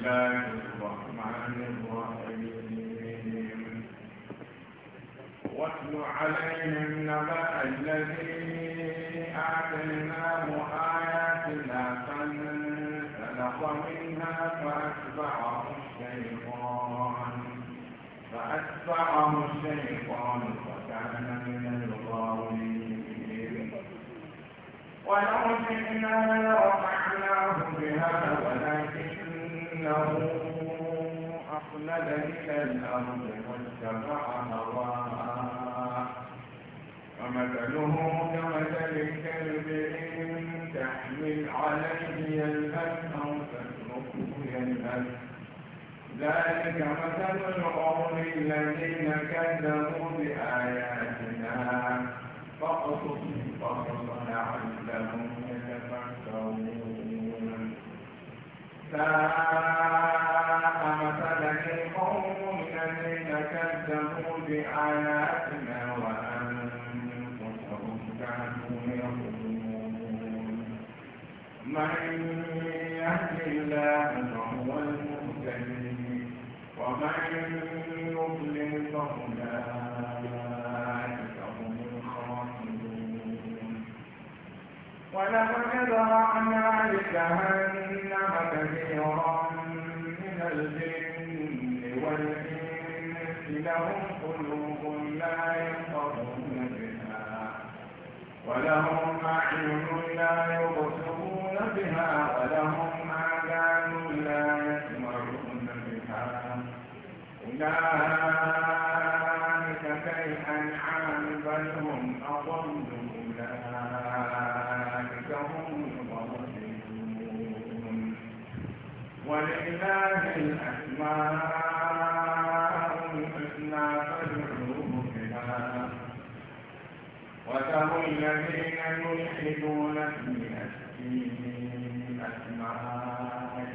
الله الرحمن الرحيم واتل عليهم نبأ الذي آتيناه آياتنا منها فأتبعه الشيطان فأتبعه الشيطان فكان من ولو شئنا لرفعناه بها ولكن أخلد إلى الأرض واتبع هواه ومثله كمثل الكلب إن تحمل عليه يلهث أو تتركه يلهث ذلك مثل القوم الذين كذبوا بآياتنا فاقصص فقصنا لعلهم يتفكرون ساء القوم الذين كذبوا بآياتنا وأنفسهم كانوا يظلمون من يهد الله فهو المهتدي ومن يضلل فأولئك ولقد ذرعنا لجهنم كثيرا من الجن والإنس لهم قلوب لا يفقهون بها ولهم أعين لا يبصرون بها ولهم آذان لا يسمعون بها أولئك كالأنعام بل هم أضل أولئك ولله الأسماء الحسنى فادعوه بها وذروا الذين يلحدون في أسمائه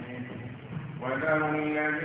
وذروا الذين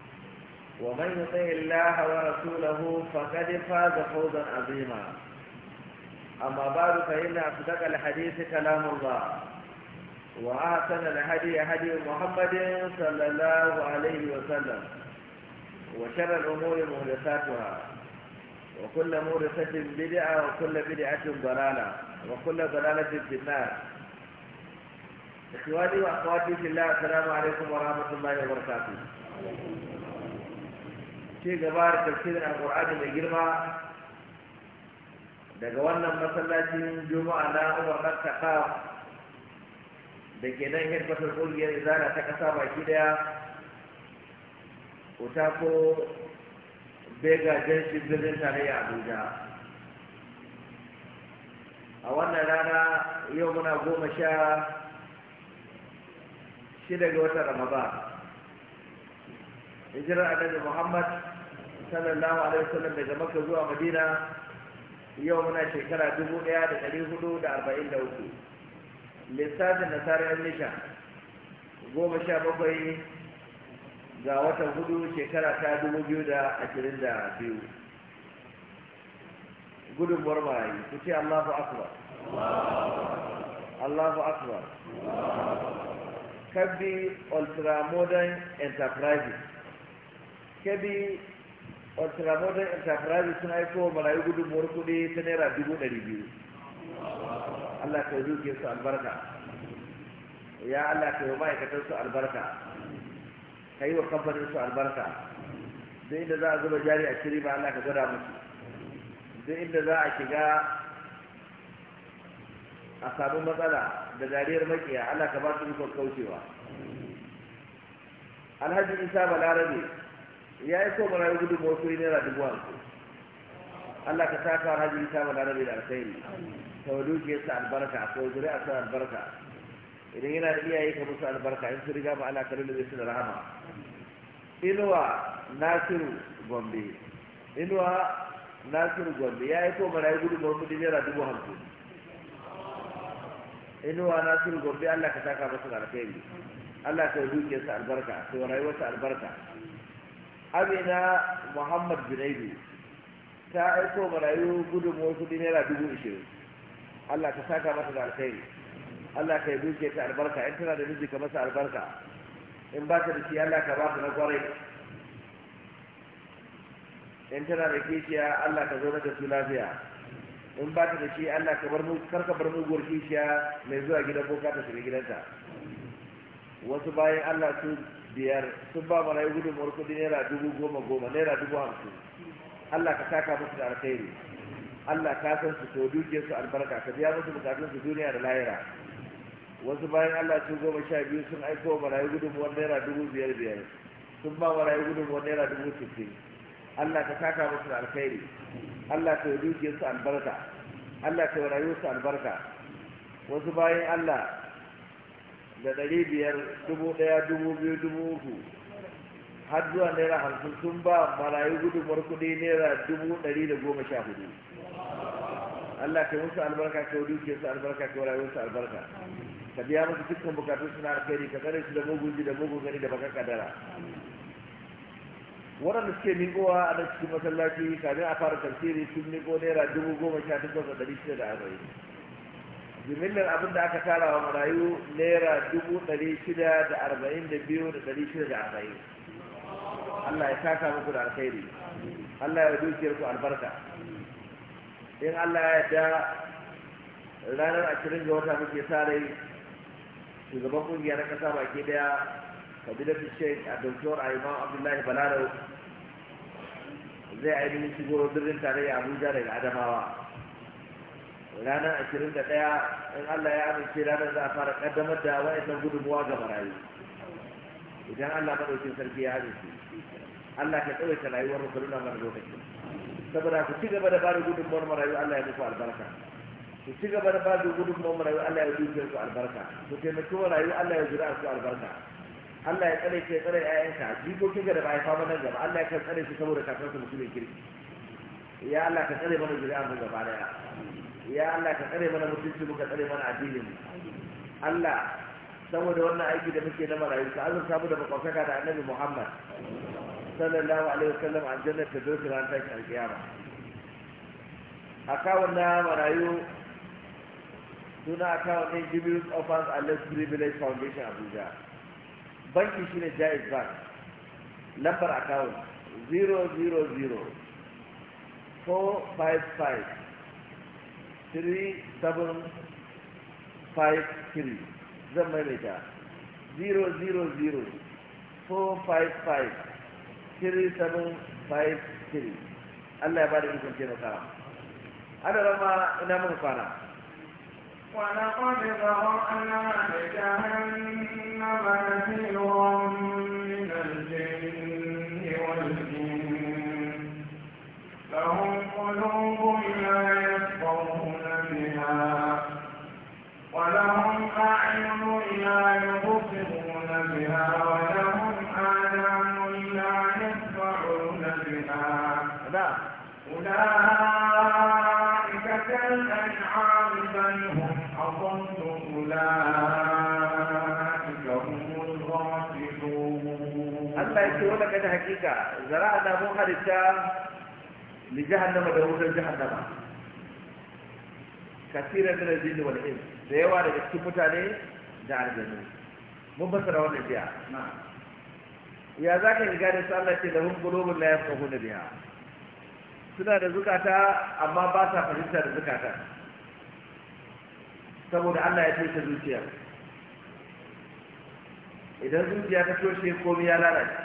ومن يطع الله ورسوله فقد فاز فوزا عظيما أما بعد فإن أصدق الحديث كلام الله وأحسن الهدي هدي محمد صلى الله عليه وسلم وشر الأمور مهلكاتها وكل مورثة بدعة وكل بدعة ضلالة وكل ضلالة في النار إخواني وأخواتي في الله السلام عليكم ورحمة الله وبركاته ce gaba da tafsirin alƙur'ani mai girma daga wannan masallacin juma'a na umar dan da ke nan fasar ƙungiyar zana ta ƙasa baki daya utako bega jenshi birnin tarayya abuja a wannan rana yau muna goma sha shida ga watan ramadan hijirar annabi muhammad sallallahu alaihi wasallam daga makka zuwa madina yau muna shekara 1443 lissafin nasarar nisha goma sha bakwai ga watan hudu shekara ta 2022 Gudun marayi ku ce allahu akbar allahu akbar kabi ultramodern enterprises kabi wata ramotar interprise sun aiko wa marayu mawar kuɗi ta naira dubu ɗari biyu allah ka yi su albarka ya allah ka yi ma'aikatar su albarka ka yi wa kamfanin su albarka duk inda za a zuba jari a shiri ba allah ka gwada musu duk inda za a shiga a samu matsala da dariyar makiya allah ka ba su ikon kaucewa alhaji isa balarabe ya yi so marayu gudun wasu yi naira dubu su Allah ka sa fara hajji ta mana rabe da alkhairi ta ke sa albarka ko zuri a sa albarka idan yana da iyaye ka musu albarka in su riga ma ana ka da su da rahama inuwa nasiru gombe inuwa nasiru gombe ya yi so marayu gudun wasu yi naira dubu hamsin inuwa nasiru gombe Allah ka saka masa alkhairi Allah ka ke sa albarka ta wa sa albarka amina muhammad binaidu ta aiko marayu gudun wasu kudi naira dubu ishirin allah ka saka mata da alkhairi allah ka yi duke ta albarka in tana da miji ka masa albarka in ba ta da shi allah ka ba ta na kwarai in tana da kishiya allah ka zo mata su lafiya in ba ta da shi allah ka bar karka bar muguwar kishiya mai zuwa gidan boka ta shiga gidanta wasu bayan allah su biyar sun ba marayu gudunmawar kudi naira dubu goma goma naira dubu hamsin allah ka taka musu da alkhairi allah ka san su to dukiyar su albarka ka biya musu bukatun su duniya da lahira wasu bayan allah su goma sha biyu sun aiko marayu gudunmawar naira dubu biyar biyar sun ba gudun gudunmawar naira dubu sittin allah ka taka musu da alkhairi allah ka dukiyar su albarka allah ka rayuwar su albarka wasu bayan allah da ɗari biyar dubu ɗaya dubu biyu dubu uku har zuwa naira hamsin sun ba marayu gudunmar kuɗi naira dubu ɗari da goma sha hudu Allah ke musu albarka ke yi ke su albarka ke yi su albarka ka biya musu dukkan bukatu suna na alkhairi ka tsare su da mugun ji da mugun gani da baka kadara waɗanda suke miƙowa a nan cikin masallaci kamin a fara tafsiri sun miƙo naira dubu goma sha takwas da ɗari shida da arba'in jimillar abin da aka tara wa marayu naira dubu ɗari shida da arba'in da biyu da ɗari shida da arba'in Allah ya saka muku da alkhairi Allah ya dukiyar ku albarka in Allah ya da ranar ashirin ga wata muke sarai rai shugaban kungiya na kasa baki daya kabilatu fice a doktor aiman abdullahi balarau zai ainihin shigo birnin tarayya abuja daga adamawa ranar ashirin da ɗaya in Allah ya amince ranar za a fara ƙaddamar da wa'annan gudunmuwa ga marayu idan Allah maɗaukin sarki ya amince Allah ka tsawaita rayuwar mu nuna mana lokaci saboda ku ci gaba da ba da gudunmuwar marayu Allah ya muku albarka ku ci gaba da ba da gudunmuwar marayu Allah ya dukiyar su albarka ku taimaki rayu, Allah ya zura su albarka Allah ya tsare ke tsare ƴaƴanka jikokin ka da ba a fama nan gaba Allah ya kan tsare su saboda su mutumin kirki ya Allah ka tsare mana zuri'a mu gaba daya ya Allah ka tsare mana mutunci muka tsare mana addinin mu Allah saboda wannan aiki da muke na marayu ka azurta mu da bakwasaka da annabi Muhammad sallallahu alaihi wasallam aljanna ta zo ran ta alkiyama akawun na marayu suna aka ne Jubilus Offers and Less Privilege Foundation Abuja banki shine Jaiz Bank lambar akawun 000 455 3753 zan maimaita 000-455-3753 Allah ya ba da ikon taimakawa ana rama ina mun kwana ولقد ذرأنا لجهنم hakika zara na mun halitta li jihannama da wutar jihannama. kasiran min al-jinn wal da yawa daga cikin mutane da aljanu mun fasara wannan biya ya za ka riga da su Allah ce da hun gulobin la hun biya? suna da zukata amma ba sa fahimta da zukata saboda Allah ya toshe zuciya idan zuciya ta toshe komi ya lalace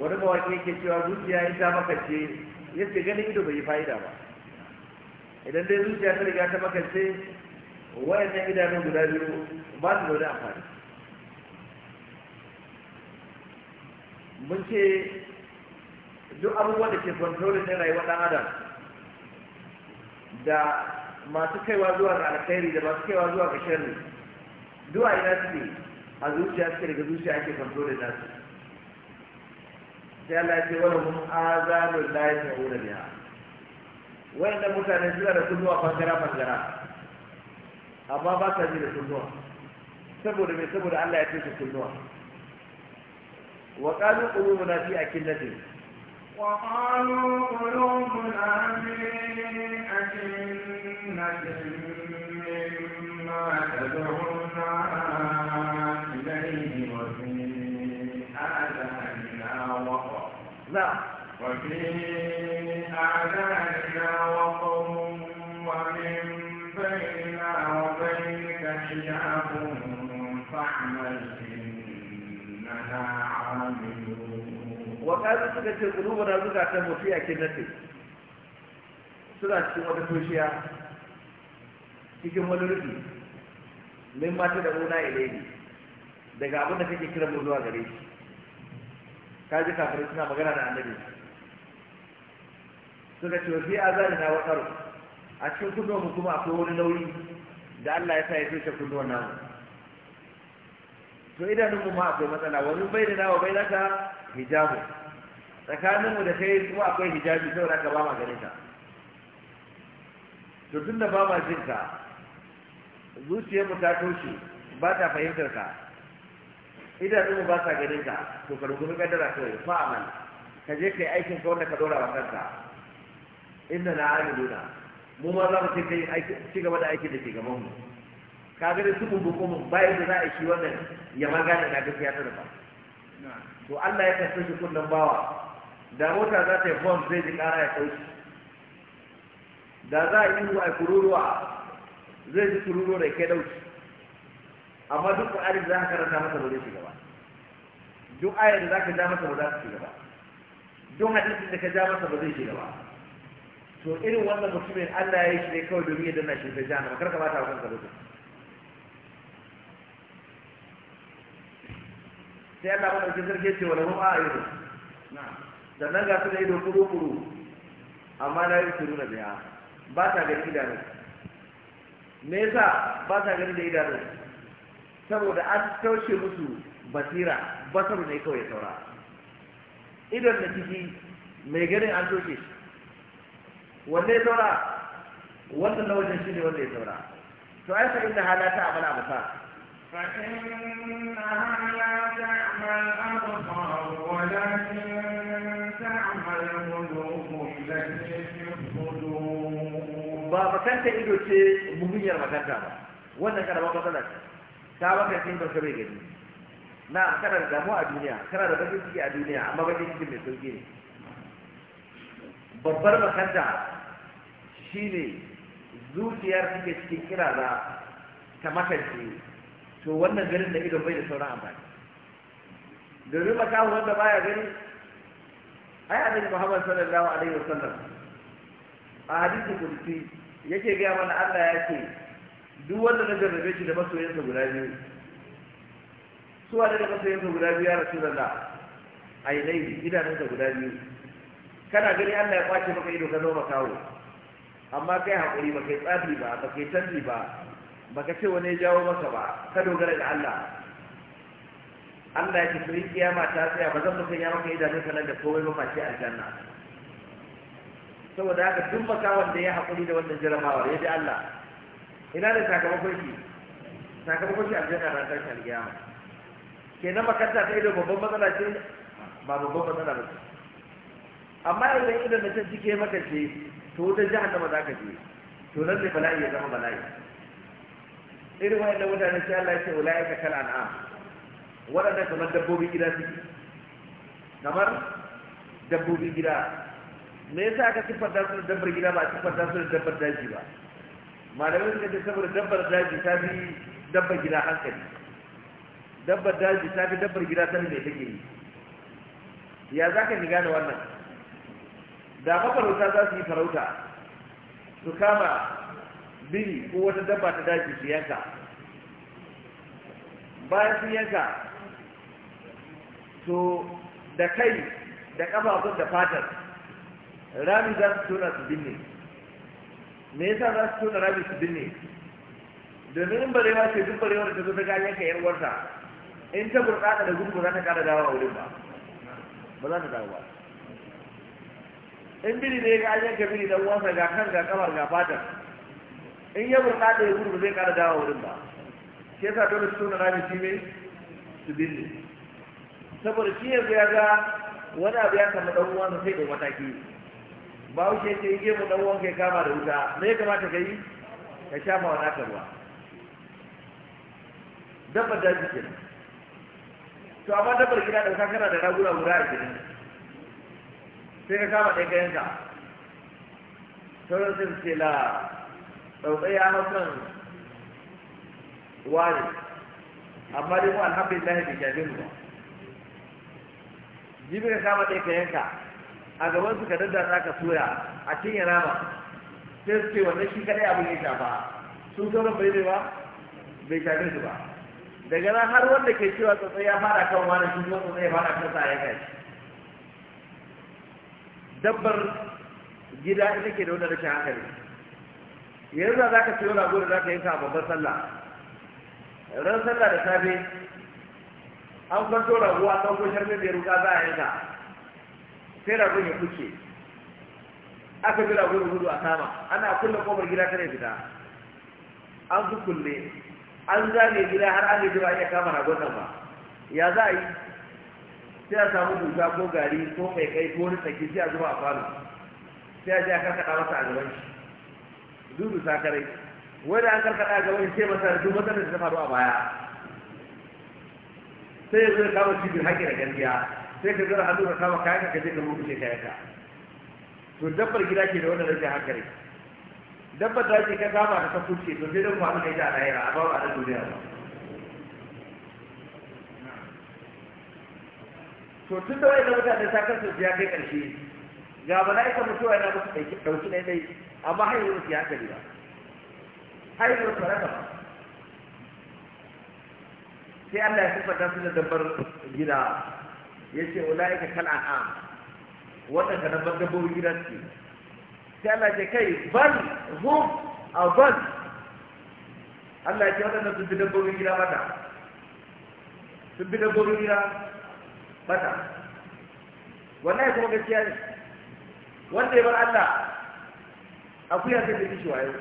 wani mawaƙi yake cewa zuciya ta makance yake ganin ido bai yi fa'ida ba idan dai zuciya ta riga ta makance wayannan idanun guda biyu ba su da wani amfani mun ce duk abubuwan da ke kontrolin na rayuwar ɗan adam da masu kaiwa zuwa ga alkhairi da masu kaiwa zuwa ga sharri duwa ina ne a zuciya suke daga zuciya ake kontrolin nasu sai Allah ya ce wala hum azanul la yasma'una biha da mutane suna da kunnuwa fangara fangara amma ba ta ji da kunnuwa saboda me saboda Allah ya ce su kunnuwa wa qalu qulubuna fi akillatin wa qalu qulubuna fi akillatin mimma نعم وفي أعدادنا وقر ومن بيننا وبينك حجاب suna cikin wata toshiya cikin wani rufi min mata da una ilai daga abin da kake kira mu zuwa gare shi ka ji kafirai suna magana da annabi suka ce fi azanina na tsaro a cikin kunnuwan mu kuma akwai wani nauyi da Allah ya sa ya toshe na namu to idanun mu ma akwai matsala wani bai da nawa bai naka hijabu tsakanin mu da kai kuma akwai hijabi saboda ka ba ma ganin ka to da ba ma jin ka zuciyar mu ta toshe ba ta fahimtar ka idanun ba sa ganin ka to ka rungumi kaddara kai fa amal ka je kai aikin ka wanda ka dora wa kanka inna na amiluna mu ma za mu ce kai aiki ci gaba da aiki da ke gaban mu ka ga da su mun mun bai da za a shi wannan ya magana da na ya ta ba. to Allah ya kasance shi kullun bawa da mota za ta yi bomb zai ji kara ya kauce da za a yi wa kururuwa zai ji kururuwa da ke dauki amma duk Qur'ani da za ka karanta masa ba zai shiga ba duk ayar da za ka ja masa ba za shiga ba duk hadisin da ka ja masa ba zai shiga ba to irin wannan mutumin Allah ya yi shi ne kawai domin ya danna shi ta jahannama kar ka bata wannan lokaci sai Allah ba dauki sarki ce ruwa a a'yun sannan ga su da ido kuru kuru amma la na biya ba ta gani idanu me yasa ba ta gani da idanu saboda an taushe musu basira basar ne kawai saura idan da ciki mai ganin an toshe wanda ya saura wannan na wajen shi ne wanda ya saura to ai sa inda halata ta amala musa fa inna ta ba makanta ido ce muhimmiyar makanta ba wannan kada ba matsala ce ta baka cikin ka bai gani na kana da damuwa a duniya kana da bakin ciki a duniya amma bakin ciki mai sauki ne babbar makanta shine zuciyar take cikin za ta makance to wannan garin da idon bai da sauran amfani domin makamu wanda baya gani ai annabi Muhammad sallallahu alaihi wasallam a hadisi kulti yake gaya mana Allah ya ce duk wanda na jarrabe shi da masoyansa guda biyu su wa da masoyansa guda biyu ya rasu da na ainihi idanunsa guda biyu kana gani Allah ya kwace maka ido ka zama kawo amma kai haƙuri ba kai tsafi ba ba kai canji ba ba ka ce wani ya jawo maka ba ka dogara da Allah Allah ya ce su kiyama ta tsaya ba zan mutum ya maka idanunsa nan da komai ba face aljanna saboda haka duk makawan da ya haƙuri da wannan jarabawar ya ji Allah ina da sakamakon shi sakamakon shi aljanna ran tashi alkiyama kenan makanta ta ido babban matsala ce ba babban matsala ba ce amma idan idan na can cike maka ce to da jahannama za ka je to nan ne bala'i ya zama bala'i irin wa'anda mutane sai Allah ya ce wala ka kala na'a waɗanda kamar dabbobin gida suke kamar dabbobin gida me yasa aka siffanta su da dabbar gida ba a siffanta su da dabbar daji ba malamin ka ce saboda dabbar daji ta fi dabbar gida hankali dabbar daji ta fi dabbar gida sani mai take yi ya za ka shiga da wannan da mafarauta za su yi farauta su kama biri ko wata dabba ta daji su yanka bayan sun yanka to da kai da kafafun da fatar rami za su tona su binne me yasa za su tona rabi su binne domin in barewa ce duk barewa da ta zo ta ganyen ka yan uwarta in ta burtsata da gudu za ta kara dawo a wurin ba ba za ta dawo ba in bini ne ga an yanka bini dan uwansa ga kan ga kamar ga fata. in ya burtsata ya gudu zai kara dawo a wurin ba shi yasa dole su tona rabi shi ne su binne saboda shi yanzu ya ga wani abu ya samu dan uwansa sai da mataki ba wuce ce yi mu dan wanka ya kama da wuta me ya kamata ka yi ka shafa wani aka ruwa dabba da jikin to amma dabbar gida ɗauka kana da ragura guda a gini sai ka kama ɗaya kayanka sauran sai ce la ɗauɗai ya hau kan wani amma dai mu alhamdulillah bai shafe ba jibi ka kama ɗaya ka a gaban suka ka daddasa ka soya a cinye nama sai su ce wannan shi kadai abin ya shafa sun sauran bai ne ba bai shafi su ba daga nan har wanda ke cewa tsotsai ya fara kan wani shi kuma tsotsai ya fara kan sa ya kai dabbar gida ita ke da wanda rashin hankali yanzu za ka ciyo rago da za ka yi a babban sallah ran sallah da safe an kwanto raguwa a ɗauko sharmin da ya ruka za a yanka sai da ya kuke aka ji ragon da gudu a sama. ana kulle komar gida ta ya fita an su kulle an zane gida har an gaji ba iya kama na nan ba ya za a yi sai a samu duka ko gari ko mai kai ko wani tsaki sai a zuba a falo. sai a je a karkada masa a gaban shi dudu sakarai wai da an karkata a gaban shi sai masa duk da ta faru a baya sai ya zo ya kama cibin haƙƙi da gandiya sai ka zara hannu ka kama kayan ka je ka murkushe kayan ka to dabbar gida ke da wannan rashin hankali dabbar da ke ka kama ka ta kuce to sai dan kwamu yi ta lahira a bawa a duniya ba to tun da da mutane ta kansu ya kai karshe ga mala'ika mutuwa yana musu dauki ɗaya ɗaya amma hanyar yanzu su yi hankali ba Hanyar su raka ba sai Allah ya siffanta su da dabbar gida ya ce kal kal'an'am waɗanda na bangabon gidan su sai Allah ce kai bal hum a bal Allah ce waɗanda sun fi dabbobin gida mata sun fi dabbobin gida mata wannan ya kuma gaskiya ne wanda ya bar Allah akuya sai da kishi wayo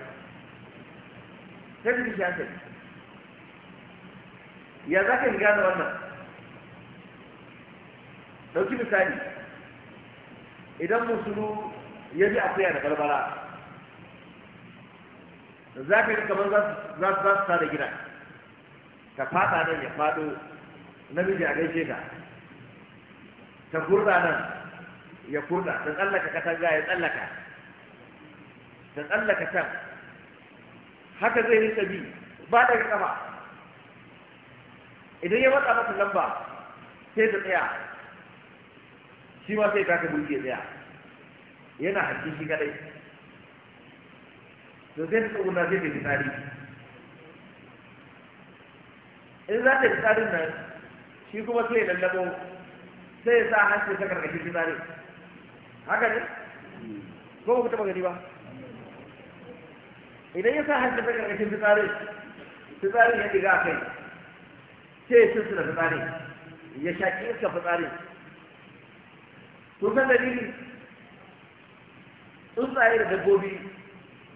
sai da kishi sai ya za ka gane wannan Dauki misali idan musulu ya a akuya da barbara za ka yi kamar za su za da gida ka fata nan ya fado namiji a gaishe ka ta kurda nan ya kurda ta tsallaka katanga ya tsallaka ta tsallaka can haka zai yi bi ba daga kama idan ya matsa masa lamba sai ta tsaya shi ma sai kaka mulki ya tsaya yana hakki shi kadai to sai ta tsoguna sai ta fitsari in za ta fitsarin nan shi kuma sai lallabo sai ya sa hanci ta karkashin fitsari haka ne ko ba ku taba gani ba idan ya sa hanci ta karkashin fitsari fitsarin ya diga a kai sai ya cinsu da ya shaƙi iska fitsari kun san dalili tsuntsaye da dabbobi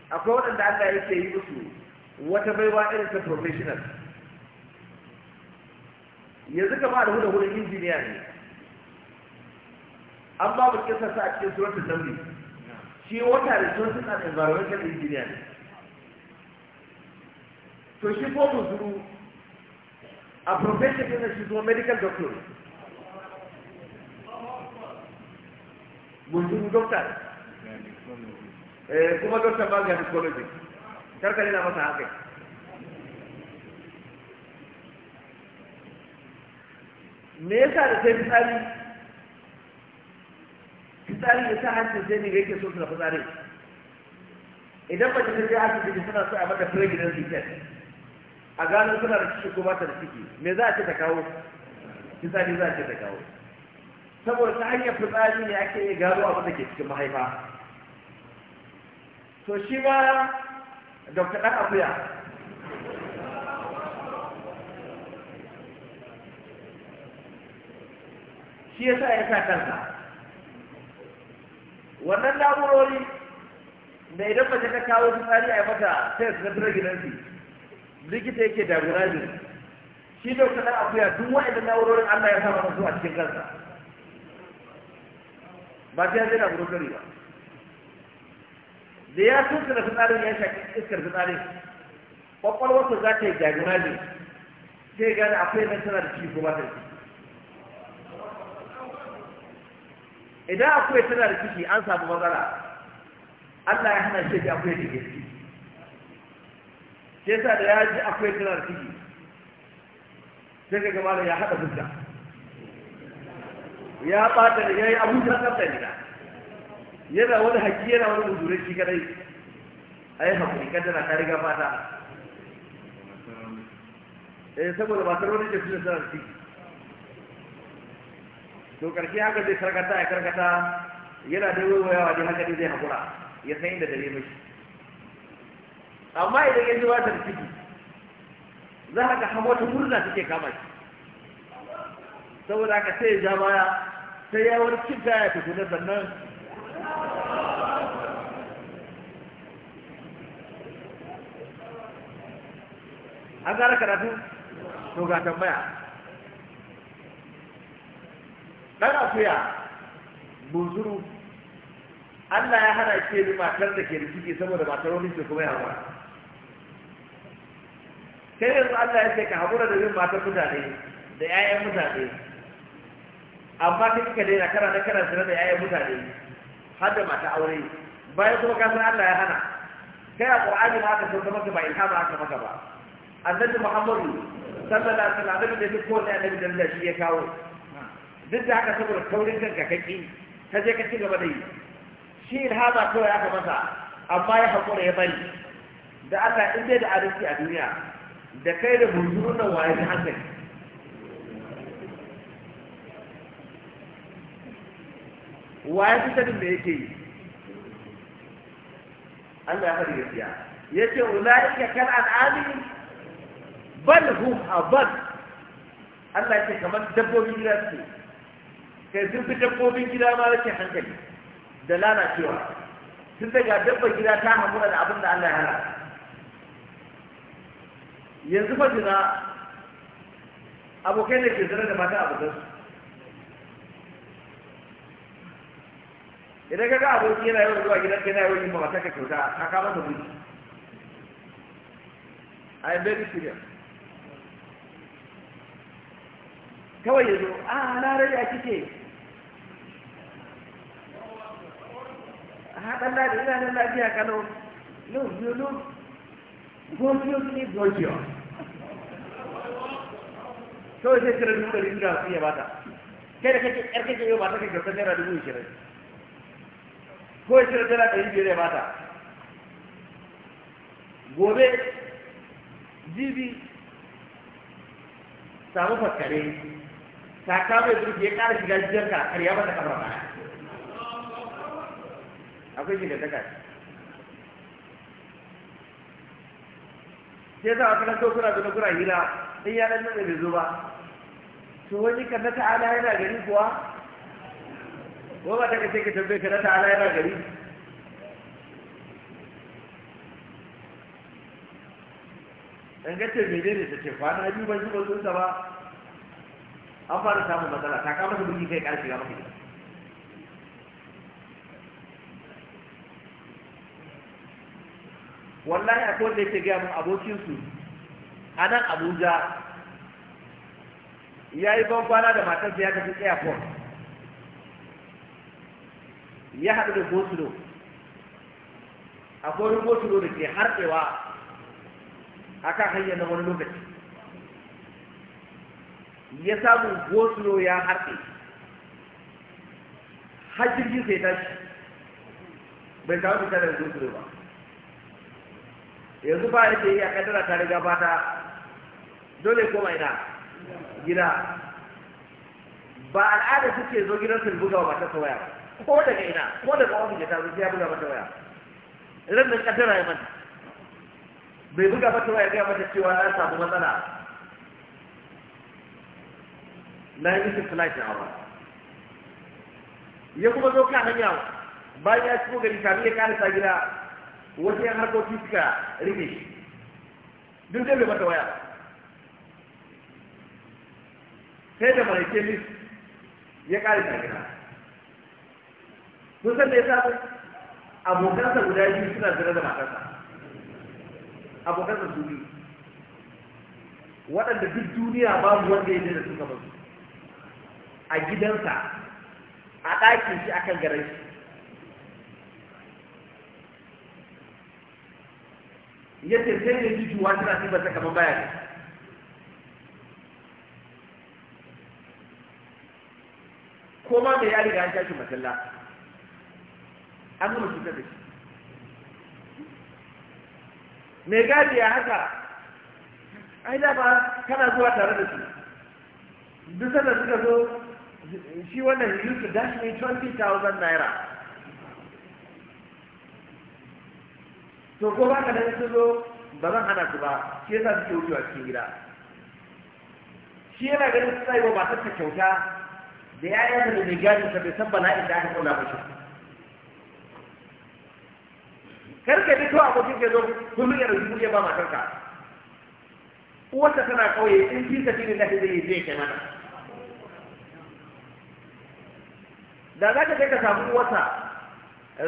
akwai waɗanda Allah yake yi musu wata baiwa irin ta professional yanzu kama da hudu hudu injiniya ne an babu kisar sa a cikin suratun namli shi wata da sun suna environmental engineer ne to shi ko zuru a profession ɗin shi kuma medical doctor mutum dokta eh kuma dokta ba ga psychology karka na masa haka me yasa da sai fitsari fitsari da ta hanci sai ne yake so na fitsari idan mace ta je asibiti suna so a mata pregnancy test a gano suna da shi ko ba ta da ciki me za a ce ta kawo fitsari za a ce ta kawo saboda ta hanyar fitsari ne ake iya gano abin da ke cikin mahaifa to shi ma dr ɗan akuya shi ya sa ya sa kansa wannan na'urori da idan mace ta kawo fitsari a mata sai su zafi raginansu likita yake da guda shi dr ɗan akuya duk wa'idan na'urorin allah ya sa masa su a cikin kansa ba sai ya da na burokari ba da ya tuka da fitsarin ya shaƙi iskar fitsarin kwakwalwarsa za ta yi jagora ne sai gane akwai nan tana da ciki ko ba ta ciki idan akwai tana da ciki an samu matsala Allah ya hana shi da akwai da gaske sai sa da ya ji akwai tana da ciki sai ka gaba da ya haɗa fuska ya bata da yayi abun da kanta gida yana wani haƙi yana wani muzurai shi kadai ai kada na ta riga fata eh saboda ba tarwani ke fiye sanar ciki to karshe haka zai karkata ya karkata yana da wayawa ne haka dai zai haƙura ya san inda dare mashi amma idan ya ji ba ta ciki za ka ga ta murna take kama shi saboda haka sai ya ja baya sai ya wani cin kaya da sannan an gara karatu to ga tambaya dan akuya bunzuru Allah ya hana ke ni matar da ke da ciki saboda matar wani ke kuma yawa. sai kai yanzu Allah ya ce ka haƙura da yin matar mutane da 'ya'yan mutane amma ta kika daina kana na kana zira da yayin mutane har da mata aure bayan kuma ka san Allah ya hana kai a Qur'ani ma aka san maka ba ilhama aka maka ba annabi Muhammadu sallallahu alaihi wasallam annabi da duk kowane annabi da Allah ya kawo duk da haka saboda taurin kanka kake ka je ka ci gaba da yi shi ilhama kawai aka masa amma ya hakura ya bari da Allah in dai da arziki a duniya da kai da burzurun nan waye hankali wa ya fi sanin da yake yi Allah ya faɗi gaskiya ya ce ula'ika kan al'ami bal hum abad Allah ya ce kamar dabbobin gida su kai sun fi dabbobin gida ma rashin hankali da lalacewa tun daga dabba gida ta hamura da abin da Allah ya hana yanzu fa jira abokai da ke zira da mata abokansu idan ka ga aboki yana yawan zuwa gidan kai na yawan yin mawata ka kyauta ka kama ta gudu a yi very serious kawai yanzu a ah, na rai a kike a ah, ɗan ina nan lafiya kano no you look gorgeously gorgeous kawai sai kira dubu ɗari da su ya bata kai da kake ƴar yau ba ta kai kyautar naira dubu ko ya cire dala ɗari biyar ya mata gobe jibi samu faskare ta mai zurfi ya ƙara shiga ka kar ya bata kamar baya akwai shiga ta kai sai za a kanan kuna zuwa kuna hira in ya nan da bai zo ba to wani kan na ta'ala yana gani kuwa ko ba ta kace ka tambaye ka rata alai ba gari dan gace menene ta ce kwana biyu ban zuwa sun ba an fara samun matsala ta kama ta bugi kai karfi ga maka wallahi akwai wanda yake gaya min abokinsu a nan abuja ya yi ban kwana da matarsa ya tafi airport ya haɗu da gosulo akwai wani gosulo da ke harɗewa a kan hanyar na wani lokaci ya samu gosulo ya harɗe har jirgin sai tashi bai samu fita da gosulo ba yanzu ba yake yi a kaddara tare riga fata dole koma ina gida ba al'ada suke zo gidan sun buga wa matasa waya ba ko daga ina ko daga ofis ya tazo sai ya buga mata waya ran nan kaddara ya mata bai buga mata waya ga mata cewa ya samu matsala na yi missing flight na awa ya kuma zo kan hanya bayan ya shigo gari kamin ya karasa gida wasu yan harkoki suka rike shi duk zai bai mata waya ba sai da maraice lis ya kare ta gida kun san sa yasa abokansa guda biyu suna zira da matarsa abokansa su biyu waɗanda duk duniya babu wanda ya je da suka basu a gidansa a ɗakin shi akan garin shi ya ce sai ne ji juwa tana bata kamar baya ne ko ma mai yari ga an tashi masalla an gama cutar da shi mai gadi ya haka ai dama kana zuwa tare da su duk sanda suka zo shi wannan su dashi ne 20,000 naira to ko ba ka da sun zo ba zan hana su ba shi yasa suke wucewa cikin gida shi yana ganin su tsaye ba ta kyauta da ya yi da mai gadi sa bai san aka kauna ba shi karka ji kawai abokin ka zo kullum ya rubu ya ba matarka uwarta tana kauye in fi na lahi zai je ke mana da za ka kai ka samu uwarta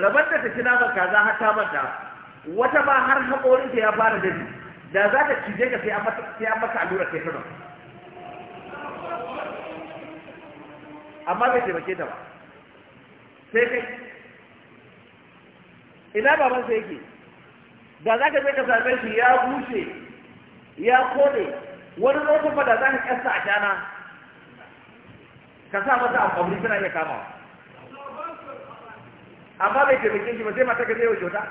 rabar da ta ci naman kaza har ta manta wata ba har haƙorin ta ya fara da ni da za ta cije ka sai an masa allura kai sama amma bai taimake ta ba sai kai ina babansa yake da za ka je ka same shi ya bushe ya kone wani lokaci da za ka kyasta a shana ka sa masa a suna tana iya kama amma bai taimake shi ba sai mata ka zai kyauta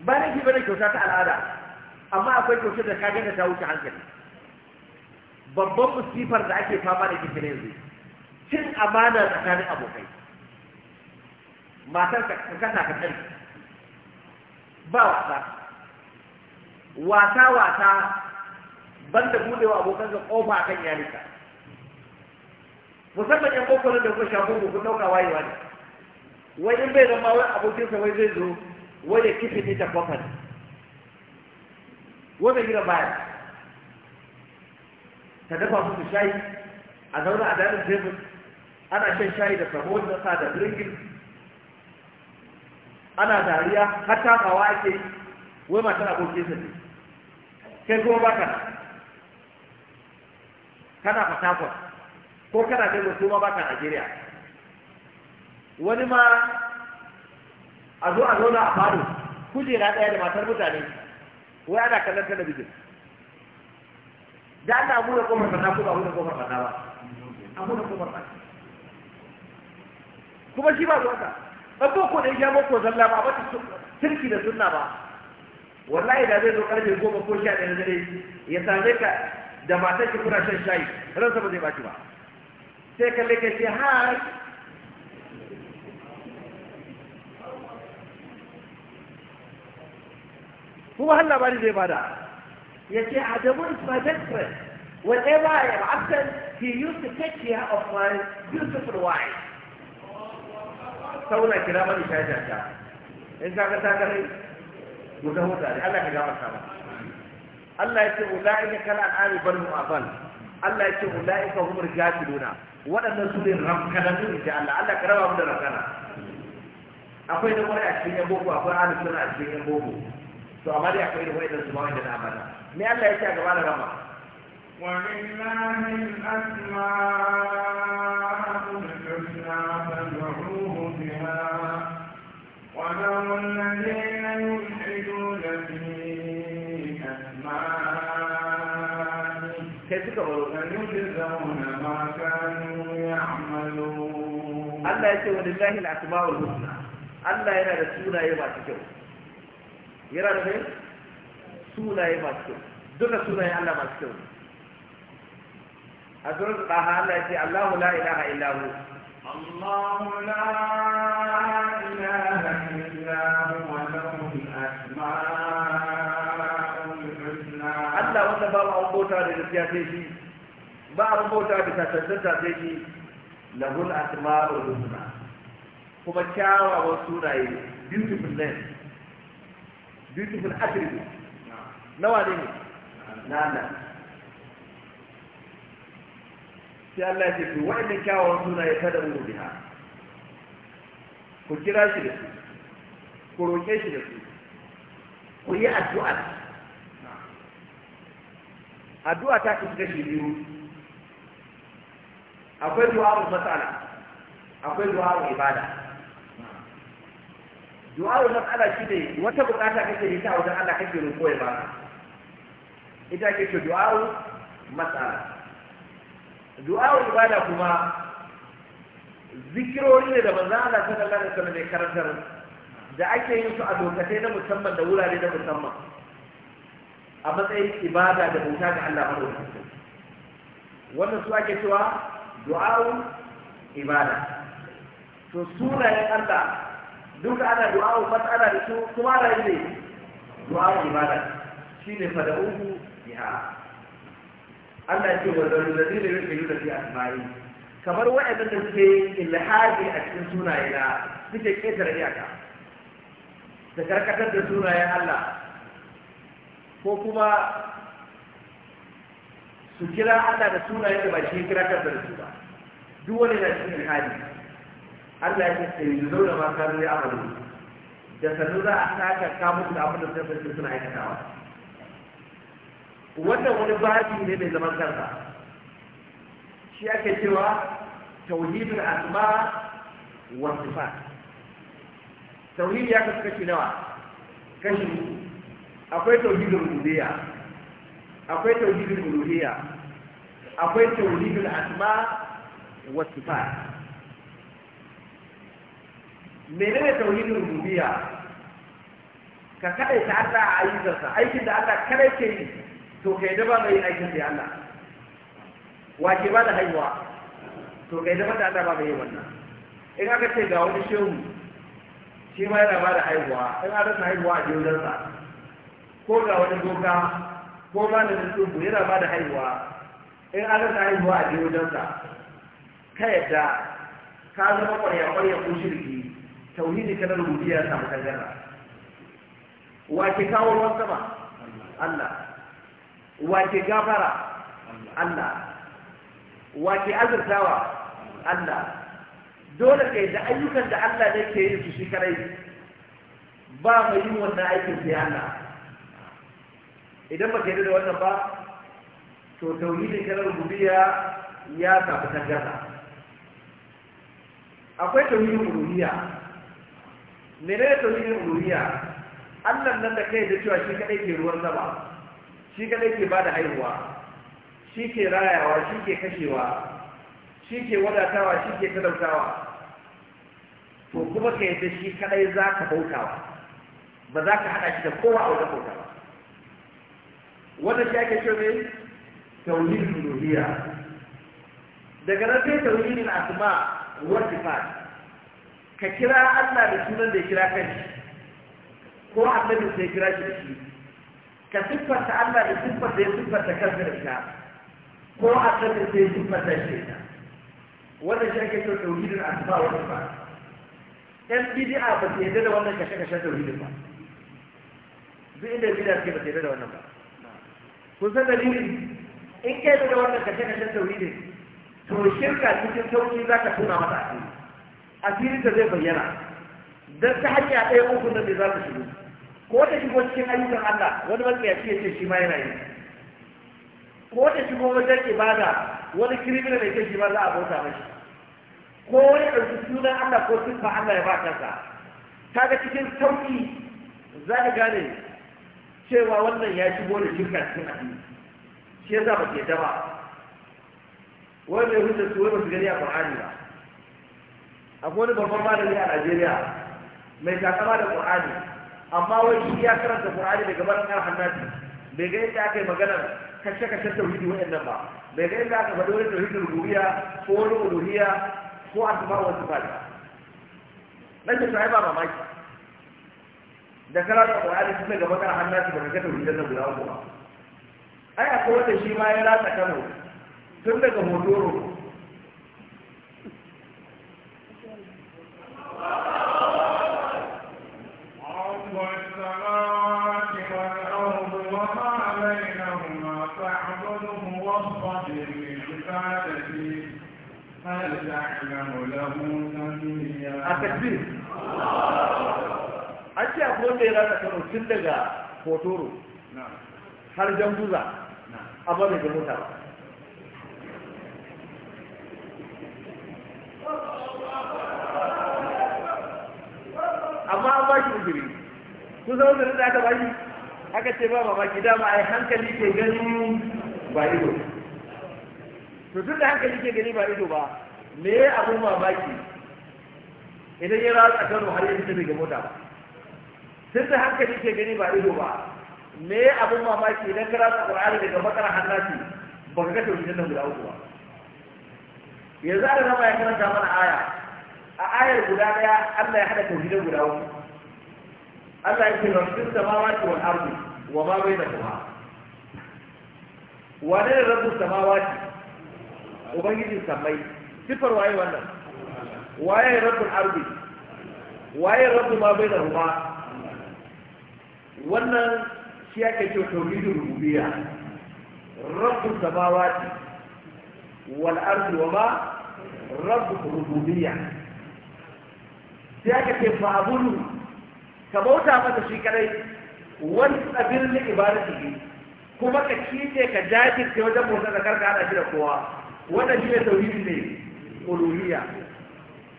ba ne ki bane kyauta ta al'ada amma akwai kyautar da ka da ta wuce hankali babban musifar da ake fama da kifin yanzu cin amana tsakanin abokai matar ka kasa ka tsari ba wasa wasa wasa banda budewa abokan ka kofa kan yarika musamman yan kokorin da kuka shafi ku dauka wayewa ne wai in bai zama wai abokinsa wai zai zo wai ya kifi ne ta kofar wanda gida baya ta dafa musu shayi a zauna a dalin tebur ana shan shayi da nasa da dringin ana dariya har kawa ake yi wai matar kokin sa ne kai kuma baka kana fatakon ko kana kai ko ma baka Najeriya wani ma a zo a zauna a kuje kujera ɗaya da matar mutane wai ana kallon talabijin da ana buɗe kofar fata ko ba buɗe kofar fata ba a buɗe kofar fata kuma shi ba zuwa dan ko da ya boko zalla ba ba shirki da sunna ba wallahi da zai zo karfe goma ko sha ɗaya dare ya same ka da matar ki kuna shan shayi sa ba zai baki ba sai kalle ke ce hai kuma har labari zai bada ya ce adamu is my best friend whenever I am absent he used to take care of my beautiful wife sauna kira mani shashasha in ka ga ta gani guda ta huta ne Allah ka gafarta ba Allah ya ce ulaika kal an'ami mu a ban, Allah ya ce ulaika hum rijatuna waɗannan su ne rafkananu ne Allah Allah ka raba mu da rafkana akwai da wani a cikin yan boko akwai ahlus sunna a cikin yan boko to amma dai akwai da wani su ba wanda na amana me Allah ya ce a gaba da rama ولله الأسماء فادعوه بها وذروا الذين يلحدون في أسمائه سيجزون ما كانوا يعملون الله يسوي لله الأسماء الحسنى الله يرى رسولا يبقى تجو يرى رسول سولا يبقى تجو دون سولا الله ما تجو a zurin tsaha Allah ya ce Allahu la ilaha illahu Allah wanda ba mu abubuwa da gaskiya sai shi, ba abubuwa da tattattata sai shi, lagun asimarar rukuna, kuma kyawawan suraye, beautiful name, beautiful attribute, nawa ne ne? Nana. sai Allah ya ce to wa'annan kyawawan suna ya kada mu biha ku kira shi da su ku roƙe shi da su ku yi addu'a addu'a ta kasu shi biyu akwai du'a'ul matsala akwai du'a'ul ibada matsala shi shine wata bukata kake yi ta wajen Allah kake roƙo ya baka ita ke ce du'a'ul matsala. du'a ibada kuma zikirori ne da manzo Allah sallallahu alaihi wasallam ya karantar da ake yin su a lokacin na musamman da wurare na musamman a matsayin ibada da bauta ga Allah madaukakin wannan su ake cewa du'a ibada to sunayen Allah duka ana du'a mas'ala da su kuma ana yi ne ibada shine fada'uhu biha Allah ce wa zalzali da yake nuna fi asma'i kamar wa'annan da suke ilhadi a cikin sunaye na, suke ketare iyaka da karkatar da sunayen Allah ko kuma su kira Allah da sunayen da ba shi kira kansa da su ba duk wani na cikin ilhadi Allah ya ce sai eh, zo da ma kanu ya amalu da sanu za a saka kamun da abin da sai suna aikatawa wannan wani baki ne mai zaman kansa shi ake cewa Tauhidin asma wa sifat tauhidi ya kasu kashi nawa kashi akwai Tauhidin rububiyya akwai Tauhidin uluhiyya akwai Tauhidin asma wa sifat menene Tauhidin rububiyya ka kada ta Allah a ayyukansa aikin da Allah kada ke yi to kai da ba mai aikin sai Allah wace ba da haihuwa to kai da mata Allah ba mai wannan in aka ce ga wani shehu shi ma yana ba da haihuwa in aka na haihuwa a jiyodarsa ko ga wani doka ko ba da tsubu yana ba da haihuwa in aka na haihuwa a jiyodarsa ka yadda ka zama kwarya-kwarya ko shirki tauhidi kana ya samu Wa wace kawo ruwan sama Allah Wake gafara Allah Wake azurtawa Allah dole kai da ayyukan da Allah ne ke su shi kadai ba mai yin wannan aikin sai Allah idan ba ka yi da wannan ba to tauhidin kana rububiyya ya tafi tangarda akwai tauhidin rububiyya menene tauhidin rububiyya Allah nan da kai da cewa shi kadai ke ruwan sama shi kadai ke bada haihuwa shi ke rayawa shi ke kashewa shi ke wadatawa shi ke talautawa to kuma ka yadda shi kadai za ka bautawa ba za ka hada shi da kowa a wajen bautawa wannan shi ake cewa ne tauhidin uluhiyya daga nan sai tauhidin asma wa sifat ka kira Allah da sunan da ya kira kanshi ko annabi sai kira shi da shi ka siffanta Allah da siffanta ya siffanta kansa da ita ko a kansa sai ya siffanta shi da wannan shi ake so tauhidin asma wa sifa yan bid'a ba su yarda da wannan kashe-kashe tauhidin ba duk inda bid'a ke ba su yarda da wannan ba kun san dalilin in kai da wannan kashe-kashen tauhidin to shirka cikin sauki za ka tuna mata asiri asirin ta zai bayyana don ta hanya ɗaya uku nan ne za ta shigo ko ta shigo cikin ayyukan Allah wani ba ya ce shi ma yana yi ko ta shigo wajen ibada wani kirimin da ke shi ma za a bauta mashi ko wani ɗauki sunan Allah ko sifa Allah ya ba kansa kaga cikin sauƙi za ka gane cewa wannan ya shigo da shirka cikin addini shi yasa ba ke ba. wani mai hujja su wani su gani a Qur'ani ba akwai wani babban malami a Najeriya mai takama da Qur'ani amma wai shi ya karanta qur'ani daga barin arhannati bai ga yadda aka yi maganar kashe-kashen tauhidi waɗannan ba bai ga yadda aka faɗi wani tauhidin rububiyya ko wani uluhiyya ko asma wa sifat dan ta sai ba mamaki da karanta qur'ani tun daga barin arhannati ba ga tauhidin nan guda ba ai akwai wanda shi ma ya rasa Kano tun daga Hotoro الصدر عبادتي هل تعلم له سميا التكبير a kuma ya rana kano tun daga hotoro har jan buza a ba mai gamuta amma an ba ujiri kun zama da aka ba aka ce ba mamaki dama yi hankali ke gani ba ido to duk da hankali ke gani ba ido ba me ya abin baki idan ya rasa kano har yanzu tafi ga mota ba da hankali ke gani ba ido ba me ya abin baki idan ka rasa ƙur'ani daga bakara hannati ba ka ga tauhidin nan guda uku ba yanzu ana zama ya karanta mana aya a ayar guda daya Allah ya hada tauhidin guda uku Allah ya ce rabbin samawati wal ardi wa ma bainahuma wa ne rabbus samawati ubangijin sammai sifar waye wannan waye rabbul ardi waye rabbu ma bai da ruwa wannan shi yake ce tauhidul rububiyya rabbus samawati wal ardi wa ma rabbul rububiyya sai yake ce fa'budu ka bauta masa shi kadai wani tsabirin li ibadatihi kuma ka kice ka jajirce wajen bautar da karka hada shi da kowa wannan shi ne tauhidi ne uluhiyya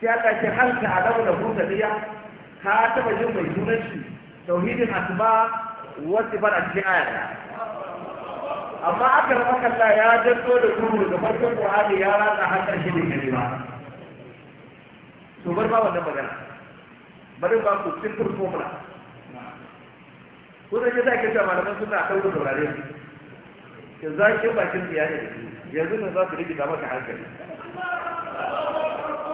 sai Allah ya halka dawo da hudaniya ka taba jin mai sunan shi tauhidin asma wa sifat al-jihad amma aka rama kalla ya janto da kuru da farkon Qur'ani ya rasa har shi da kalima to bar ba wannan magana bari ba ku simple formula ko da yake da ke cewa malaman suna daura daurare da zaƙin bakin su ya ne yanzu nan za su rikita maka hankali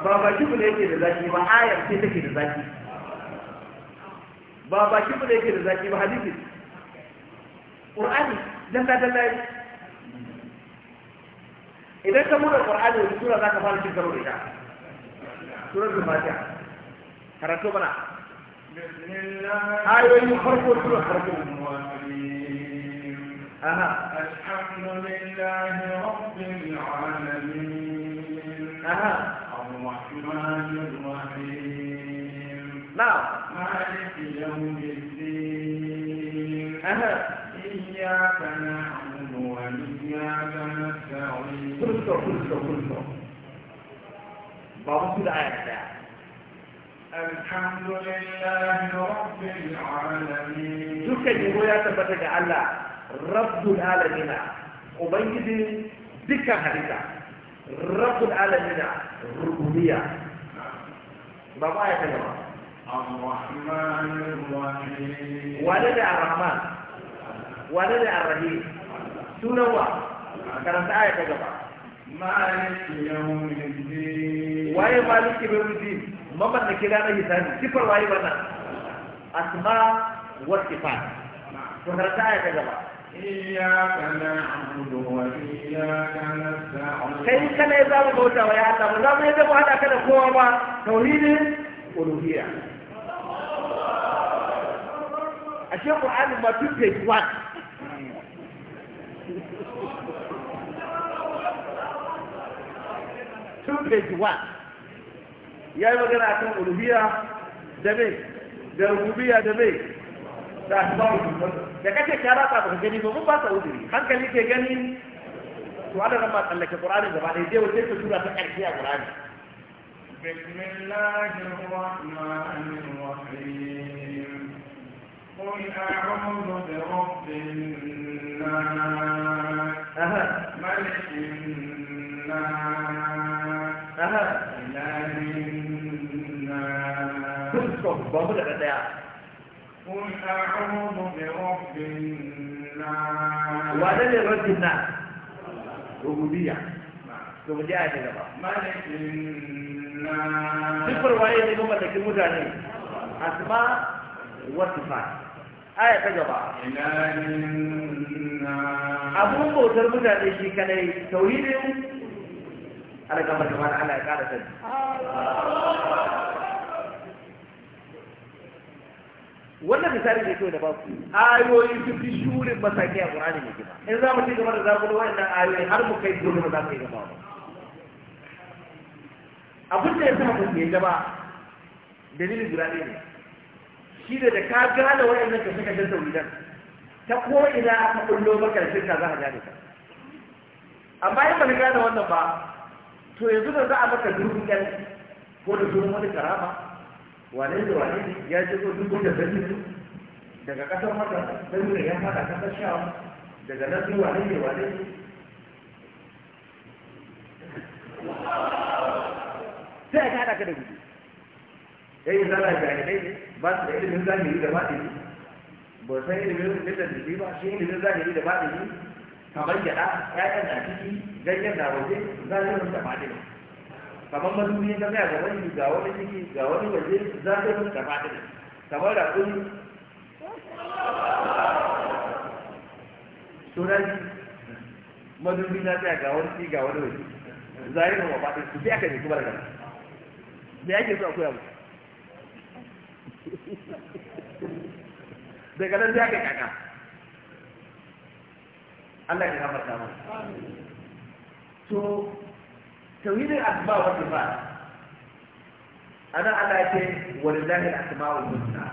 ba bakin ku ne yake da zaki ba ayar ce take da zaki ba bakin ku ne yake da zaki ba hadisi qur'ani dan da dalla idan ka mura qur'ani wani sura zaka fara cin karo da ita suratul fatiha karatu mana ayoyin farko sura farko aha الحمد لله رب العالمين الرحمن الرحيم نعم مالك يوم الدين إياك نعبد وإياك نستعين كل صوت كل صوت كل صوت الحمد لله رب العالمين duka yabo ya tabbata ga Allah rabbul alamin ubangijin duka halitta rabbul alamina rububiyya ba ba ya kana ba wane da arrahman wane da arrahim sunan wa karanta aya ta gaba maliki yawmin din waye maliki yawmin din mamallaki ranar hisabi sifar waye wannan asma wa sifat to karanta aya ta gaba kai kana za mu bauta wa ya Allah ba za mu yadda mu haɗa ka da kowa ba tauhidin uluhiyya ashe Qur'ani ma tun page one tun ya yi magana akan uluhiyya da da da asibaru da kace ka rata ba gani ba mun ba ta uzuri hankali ke gani to ana ran ma tsallake qur'ani gaba da dai wace ta sura ta karshe a qur'ani بسم الله الرحمن الرحيم قل أعوذ برب الناس ملك الناس إله الناس wa ne ne rati na rububiya rububiya ne gaba sifar waye ne kuma da kimu da ne asma wasu fa aya ta gaba abun bautar mutane shi kanai tauhidin ala gaba gaba ala ya kara sani wannan misali ne kawai da ba su ayoyi su fi shurin masaki a ƙur'ani mai gina in za mu ci gaba da zaɓar waɗannan ayoyi har mu kai dole ba za mu yi gaba ba abin da ya sa mu yi gaba dalilin guda ne shi da da ka gane waɗannan kashe kashen tauridan ta ko ina aka ɓullo maka da shirka za ka gane ka amma in ba ka gane wannan ba to yanzu da za a maka durbin ko da durbin wani karama wane da wane ya ce ko duk da dalilin daga kasar mata ne ya fada kasar shawa? daga nan zuwa wane da wane sai ya kada ka da gudu yayi zala ga ne ba su da ilimin zamiri da batini ba san ilimin da dalili ba shi ilimin zamiri da batini kamar gyada ƴaƴan na ciki ganyen na waje zamirin da batini kamar madubi ka tsaya ga wani ga wani ciki ga wani waje za ka yi kama da ne kamar da kun sunan madubi na ta ga wani ciki ga wani waje za yi kama ba su fi aka ne kuma da me ake so a koya mu da nan kaka Allah ya gafarta mana to tauhidin asma wa sifat ana Allah ya ce walillahi al-asma wa husna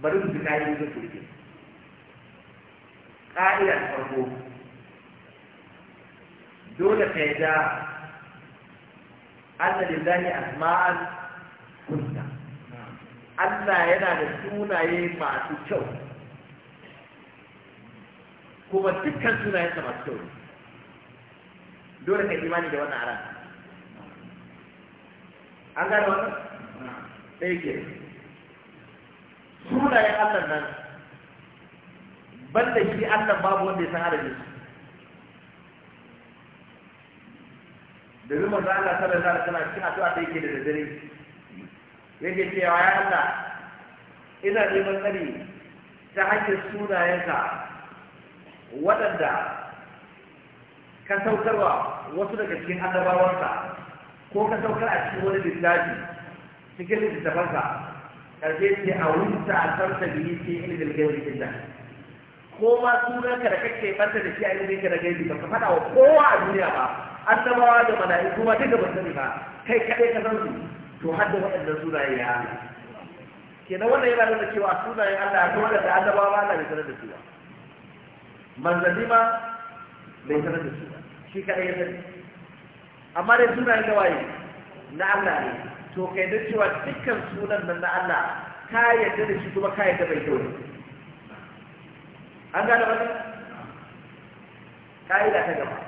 bari mu bi kayan da suke ka'idar farko dole ka yi yarda anna lillahi asma'an husna Allah yana da sunaye masu kyau kuma dukkan sunayensa masu kyau ne dole ka imani da wannan aran an gane wannan ɗaya ke sunayen allah nan banda shi allah babu wanda ya san arabi su da zuma za Allah sabar zara tana cikin addu'a da yake da daddare yake cewa ya Allah ina neman tsari ta hanyar sunayenka waɗanda ka saukarwa wasu daga cikin annabawansa ko ka saukar a cikin wani littafi cikin littafansa karfe ce a wuta a sarta da yi ce ilimin gaibi illa ko ma sunanka da kake banta da shi a ilimin ka da gaibi ba ka faɗa wa kowa a duniya ba annabawa da mala'iku ma duka ban sani ba kai kaɗai ka san su to har da waɗannan sunaye ya hana kenan wannan yana nuna cewa sunayen Allah ko waɗanda annabawa Allah bai sanar da su ba manzanni ma bai sanar da su shi kaɗai ya sani amma dai yin gawaye na Allah ne to kai da cewa dukkan sunan nan na Allah ka yadda da shi kuma ka yadda bai kyau an gane wani ka'ida ta gaba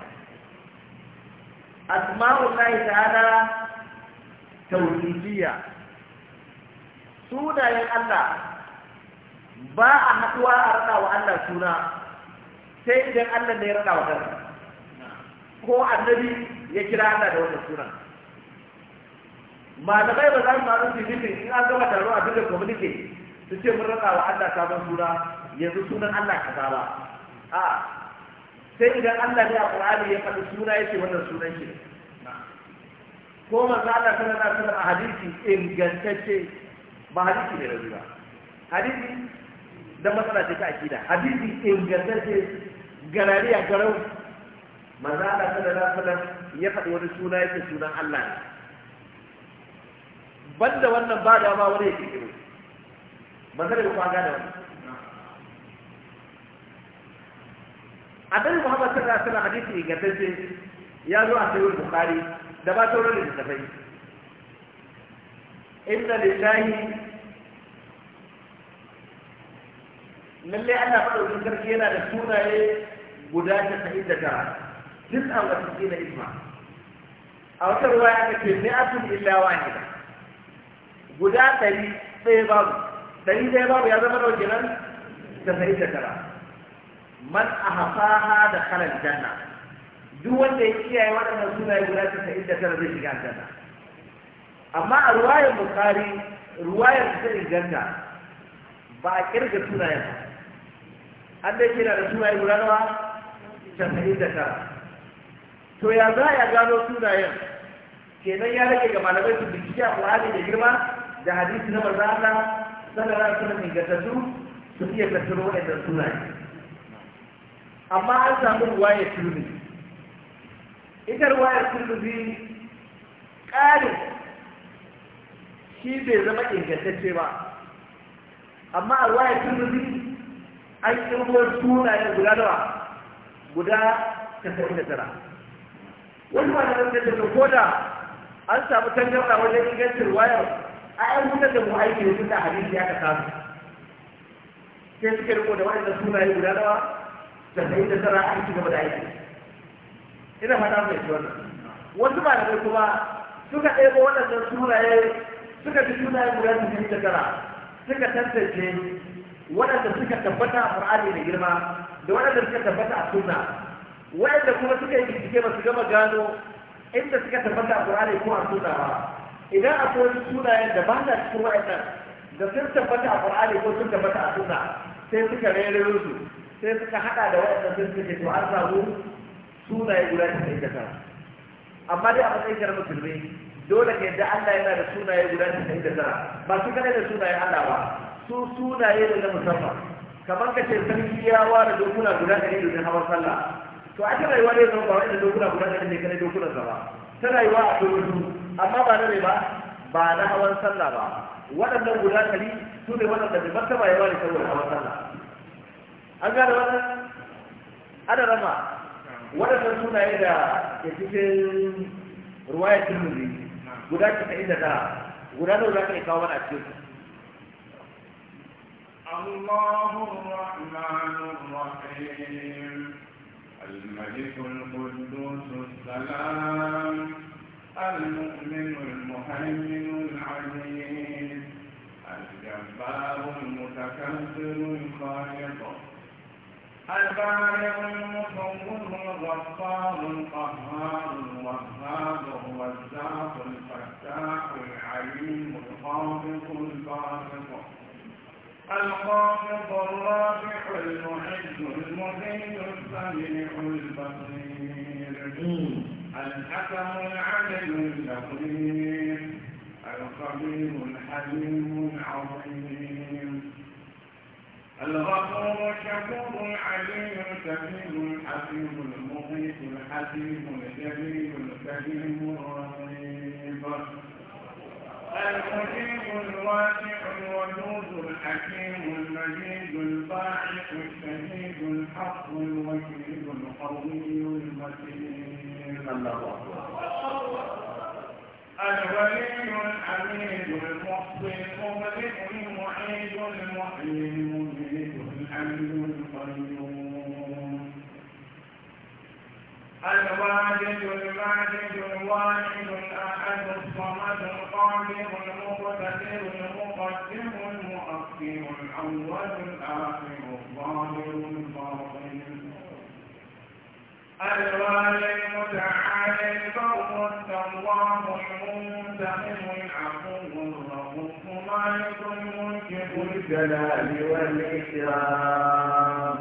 asma'ul lahi ta'ala tauhidiyya sunayen Allah ba a haɗuwa a raɗa wa Allah suna sai idan Allah ne ya raɗa wa kansa ko annabi ya kira Allah da wannan sunan malamai ba za mu samu su in an gama taro a dukkan community su ce mun rasa wa Allah sabon suna yanzu sunan Allah ka ba a sai idan Allah ne a Qur'ani ya faɗi suna yake wannan sunan shi ko manzo Allah sallallahu alaihi wasallam a hadisi ingantacce ba hadisi ne rabi ba hadisi da matsala ce ta akida hadisi ingantacce garariya garau manzo Allah sallallahu alaihi ya faɗi wani suna yake sunan Allah ne banda wannan ba da ma wani yake kiro manzo da ku ga da wannan annabi Muhammad sallallahu alaihi wasallam hadisi ingantacce ya zo a sayyid Bukhari da ba da tafai. inna lillahi lallai Allah madaukakin sarki yana da sunaye guda ta 99 juz'an wa tisina isma a wata ruwa ya kace mai asul illa wahida guda ɗari ɗaya babu ɗari ɗaya babu ya zama dauke nan da sai da tara man ahfaha da khalal janna duk wanda ya kiyaye waɗannan sunaye guda tasa'in da tara zai shiga aljanna amma a ruwayar bukari ruwayar ta inganta ba a kirga sunayen an dai kira da sunaye guda nawa ta tasa'in da tara to ya za ya gano sunayen kenan ya rage ga malamai su bincike a Qur'ani da girma da hadisi na manzo Allah sallallahu alaihi wasallam ingantattu su iya tattaro waɗannan sunaye amma an samu ruwayar turmi ita ruwayar turmi ƙarin shi bai zama ingantacce ba amma a ruwayar turmi an kirgo sunayen guda nawa guda 99 wani malamin da daga koda an samu tangarda wajen ingancin wayar a yan wutar da mu aiki da da hadisi ya ka samu sai suka riko da waɗanda sunaye guda dawa da sai da tara aiki gaba da aiki ina fata mai ci wannan wasu malamai kuma suka ɗebo waɗannan sunaye suka ji sunaye guda su sai da tara suka tantance waɗanda suka tabbata a Qur'ani da girma da waɗanda suka tabbata a sunna waɗanda kuma suka yi bincike ba su gama gano inda suka tabbata a Qur'ani ko a sunna ba idan akwai kowace sunayen da ba na cikin waɗannan da sun tabbata a Qur'ani ko sun tabbata a suna sai suka rere su sai suka hada da waɗanda sun suke to an samu sunaye guda da sai kasa amma dai a matsayin kyar musulmi dole ka yadda Allah yana da sunaye guda da sai kasa ba su kada da sunayen Allah ba su sunaye da na musamman kamar ka ce sarki ya ware dokuna guda da ne hawan sallah to a ta rayuwa ne zama ba wani dokuna guda ɗari ne kanai dokunan sa ba ta rayuwa a dokodu amma ba na ne ba ba na hawan sallah ba waɗannan guda ɗari su ne waɗanda bai martaba ya ware saboda hawan sallah an gane wannan ana rama waɗannan sunaye da ke cikin ruwayar turmi guda casa'in da tara guda nawa za kai iya kawo mana a cikin الله الرحمن الرحيم الملك القدوس السلام المؤمن المهيمن العزيز الجبار المتكبر الخالق البارئ المصور الغفار القهار الوهاب الرزاق الفتاح العليم الخالق البارئ الخافض الرافع المحج المذل السميع البصير الحكم العدل اللطيف الخبير الحليم العظيم الغفور الشكور العليم الكبير الحكيم المغيث الحكيم الجليل الكريم الرهيب الواسع الودود الحكيم المجيد الشهيد الحق الوكيل القوي المتين الولي الحميد المحصي المبدئ المعيد المحيي المميت الحمد القيوم الواجد الماجد الواحد احد الصمد القادر المقتدر المقدم المؤخر الاول الاخر الظاهر الباطن الوالي المتعالي البر التواب المنتقم العفو الرؤوف مالك الملك الجلال والاكرام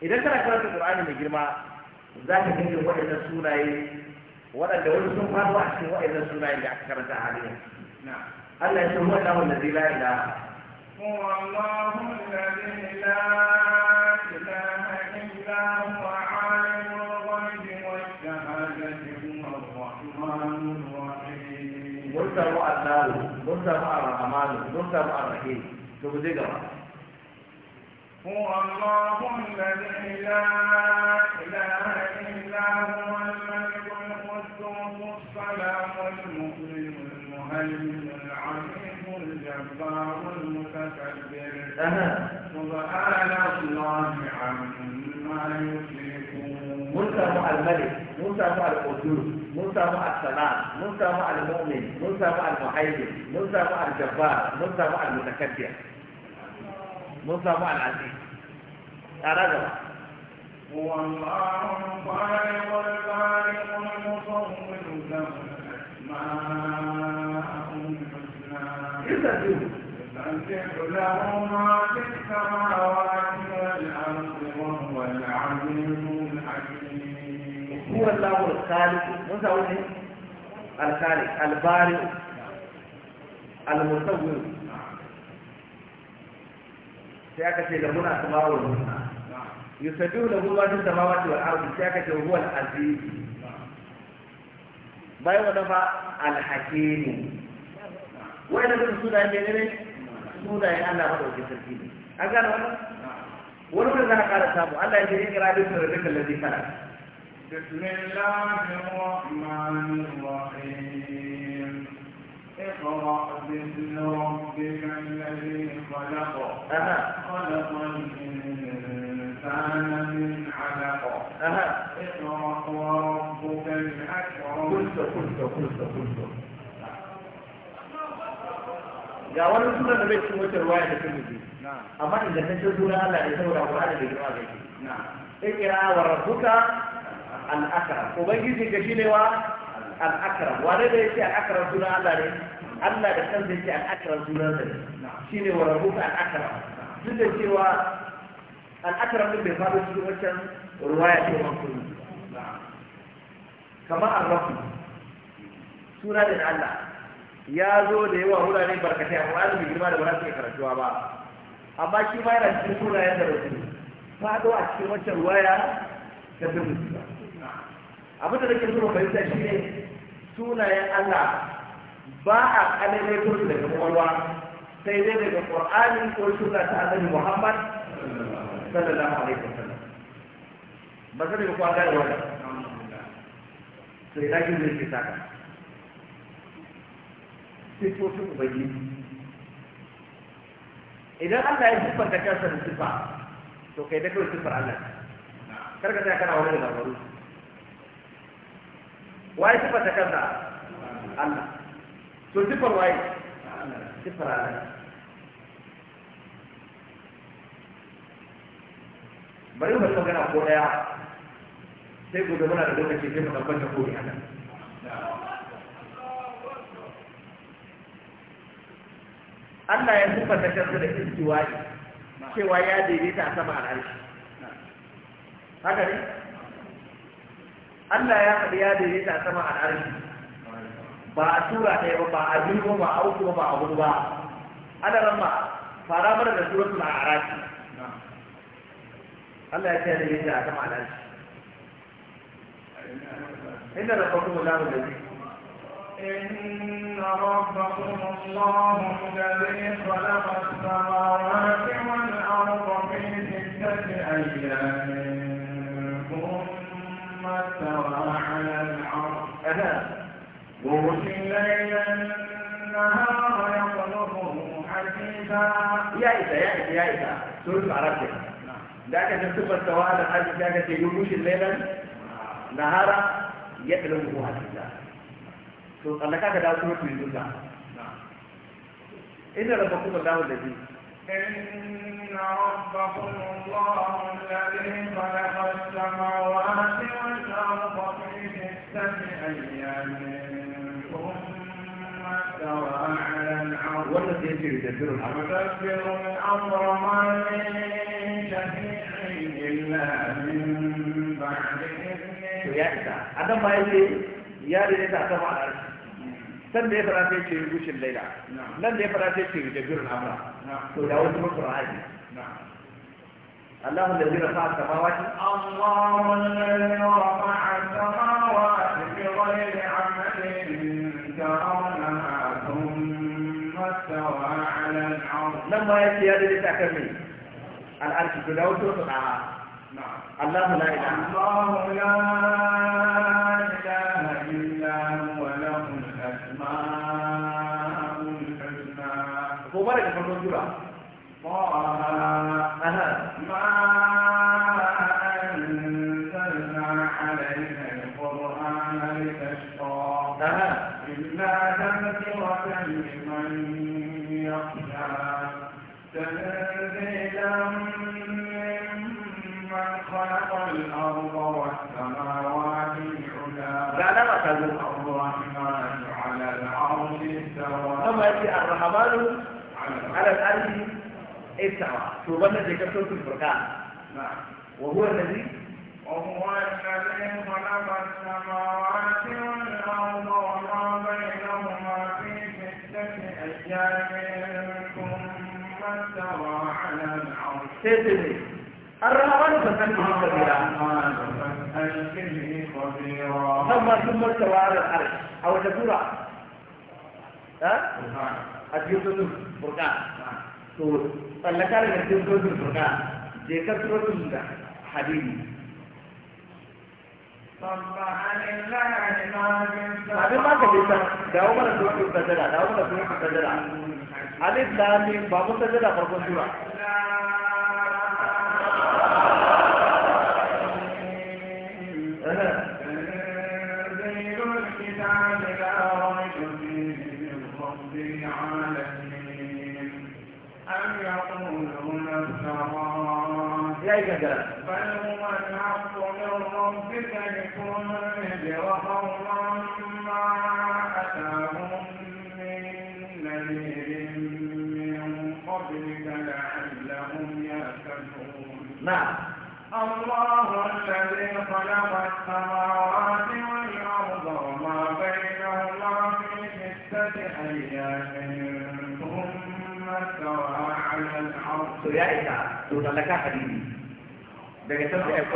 idan kana karanta qur'ani mai girma za ka ga irin waɗannan sunaye waɗanda wani sun faɗo a cikin waɗannan sunaye da aka karanta a halin Allah ya san wannan wanda zai la ilaha هو الله الذي لا إله إلا هو عالم الغيب والشهادة هو الرحمن الرحيم ملتقى الله ملتقى الرحمن ملتقى الرحيم تبدي قبل هو الله الذي لا إله إلا هو الملك القدوس السلام المؤمن المهيمن العزيز الجبار المتكبر سبحان الله عما يشركون منتهى الملك منتهى القدوس منتهى مع السلام المؤمن منتهى المحيي المهيمن الجبار منتهى المتكبر mun samu al'azi tare da ba والله خالق الخالق المصور له الاسماء الحسنى وهو العزيز الحكيم هو الله الخالق مصور الخالق البارئ المصور sai aka ce lahu na sama wa hunna da ruwa ma fi samawati wa arzu sai aka ce ruwan azizi bayan wannan fa al hakim wannan suna ne ne ana ba madaukakin sarki ne an gane wani wani wani za ka kara samu Allah ya ce ikra bi sirrika alladhi khalaq بسم الله الرحمن الرحيم اقرأ باسم ربك الذي خلق خلق الإنسان من علق اقرأ وربك الأكرم قلت قلت قلت قلت ga wani suna da bai cikin wata ruwaya da kan mutu amma inda ta ce suna Allah ne saboda Qur'ani da girma da yake ikra wa rabbuka al-akram ubangiji ga shine wa al'akaram wane da ce al'akaram suna Allah ne Allah da zai yake al'akaram sunan Shi ne shine wa rabbuka al'akaram duk da cewa al'akaram ne bai faɗo cikin wancan ya ce wa ne kama arrafu suna da Allah ya zo da yawa wurare barkatai a wani mai girma da ba za su karantuwa ba amma shi ma yana cikin sunayen da rasulu faɗo a cikin wancan ya ta fi musulma abin da nake so fahimta shi ne sunayen Allah ba a kalalaito su da kwakwalwa sai dai daga ƙur'ani ko suna ta annabi Muhammad sallallahu alaihi wasallam ba sai daga kwakwalwa da wannan sai da kin zai fita ka sai ko su ubangiji idan Allah ya sifar da kansa da sifa to kai da kawai sifar Allah kar ka tsaya kana wani da barbaru waye sifata kansa Allah to sifar waye sifar Allah bari mu gana ko daya sai gobe muna da lokaci sai mu tabbata ko ni haka Allah ya ta kansa da istiwa'i cewa ya daidaita a sama al'arshi haka ne Allah ya faɗi ya daidaita a sama al'arshi ba a tura ɗaya ba ba a jirgin ba ba a wuce ba a gudu ba ana ramma fara mana da a a'raf Allah ya ce da yadda a sama al'arshi inna rabbakum Allahu alladhi inna rabbakum Allahu alladhi khalaqa as-samawati wal arda fi sittati ayyamin ثم استوى على العرش يغشي الليل النهار يطلبه حديثا يا إيسا يا إيسا يا إيسا سورة عرب كده ذاك ثم استوى على العرش ذاك يغشي الليل النهار يطلبه حديثا to tsallaka ka dawo kuma tuyi duka inda rabba kuma dawo إن ربكم الله الذي خلق السماوات والذي يجي يدبر الامر ما من شفيع الا من بعد اذنه هذا ما يجي يا ريت اعتمد على الارض san da ya fara sai ce rushin laila nan da ya fara sai ce yudabir al'amra to da wasu mutum الله الذي رفع السماوات الله الذي رفع السماوات بغير عمل ترونها ثم استوى على العرش لما يأتي هذه نعم. الله لا إله الله لا تسعة شوبنا ذكر سورة نعم وهو الذي وهو الذي خلق السماوات والأرض وما بينهما في ستة أيام ثم استوى على العرش الرحمن فسنه خبيرا ثم ثم استوى على العرش أو تقول ها؟ أديوتو بركان سورة tsallaka daga cikin sojin turka je ka sojin da hadini abin ba ka bisa dawo mana sojin sajada dawo mana sojin sajada alif lamin ba mu sajada farkon sura نعم الله الذي خلق السماوات والأرض وما بينهما في ستة أيام ثم استوى على الأرض يا to ya isa to talaka السماوات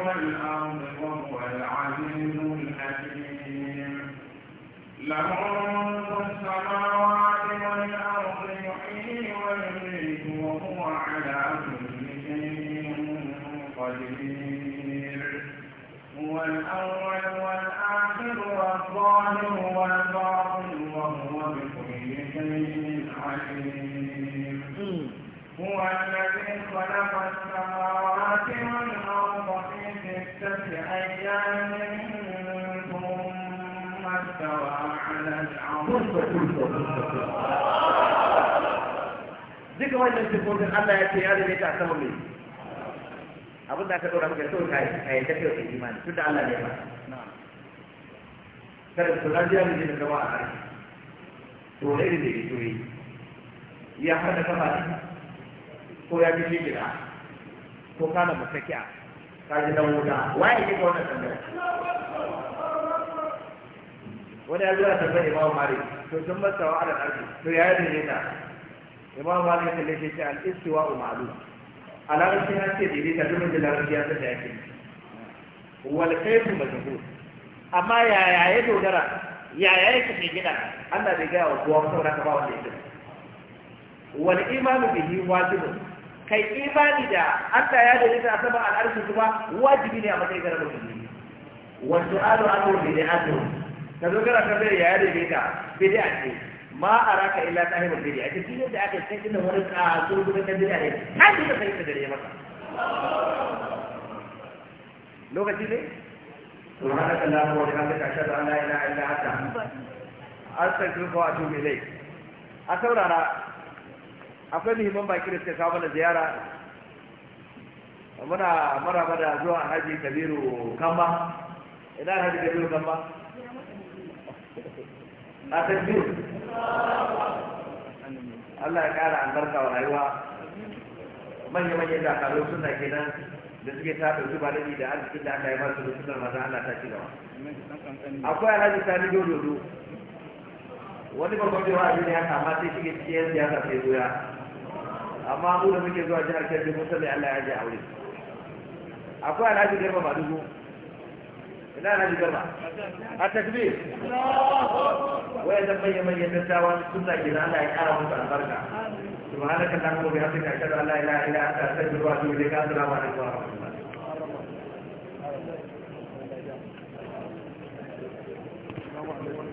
والأرض وهو sai aiko له السماوات الأول والآخر والظاهر والباطن وهو بكل شيء عليم هو الذي خلق السماوات والأرض في ستة أيام ثم استوى على العرش duka wannan sifofin Allah ya ce ya rage ta abin da aka ɗora maka so ka yi ka yi tafiya imani tun da Allah ne ba kada ku zan jiya mijin da gaba a ƙarshe to ne irin da ya so ya har da kafa ne ko ya fi gida ko kana musakiya ka ji dan wuta waye ne ka wannan tambaya wani ya zuwa tambayar imamu Mari, to sun masa wa'adar arziki, to ya yi da ne ta imamu malik ya ce al-istiwa'u ma'lum a larabci na ce daidaita domin da larabci ya sanya yake su mai majhul amma yaya ya dogara yaya ya kashe gida Allah bai gaya wa kowa saboda ka ba wanda ya sani wani imanu bihi wajibun kai imani da Allah ya daidaita a saman al'arshi kuma wajibi ne a matsayin garin musulmi wa su'alu anhu bid'atun ka dogara ka bai yaya bai da ce ma a raka illa ta haifar da a cikin yadda aka sai inda wani kaso gudun kan bida ne har da sai da ya maka lokaci ne subhanaka allahumma wa bihamdika ashhadu an la ilaha illa anta astaghfiruka wa atubu ilayk a saurara akwai muhimman baki da suka kawo mana ziyara muna maraba da zuwa haji kabiru kamba ina haji kabiru kamba a san biyu Allah ya ƙara albarka wa rayuwa manya-manyan dakarun suna kenan da suke ta ɗauki ba daɗi da arzikin da aka yi masu da sunan maza Allah ta ci gaba. Akwai alhaji sani dododo wani babban jiwa a duniya kama sai shige cikin siyasa sai goya amma mu da muke zuwa jihar Kebbi mun sani Allah ya je aure. Akwai alhaji ba madugu لا نجد الله التكبير وإذا بين من يتساوى السنة إلى الله يعلم البركة سبحانك اللهم وبحمدك أشهد أن لا إله إلا أنت أستغفرك وأتوب إليك السلام عليكم ورحمة الله Thank you.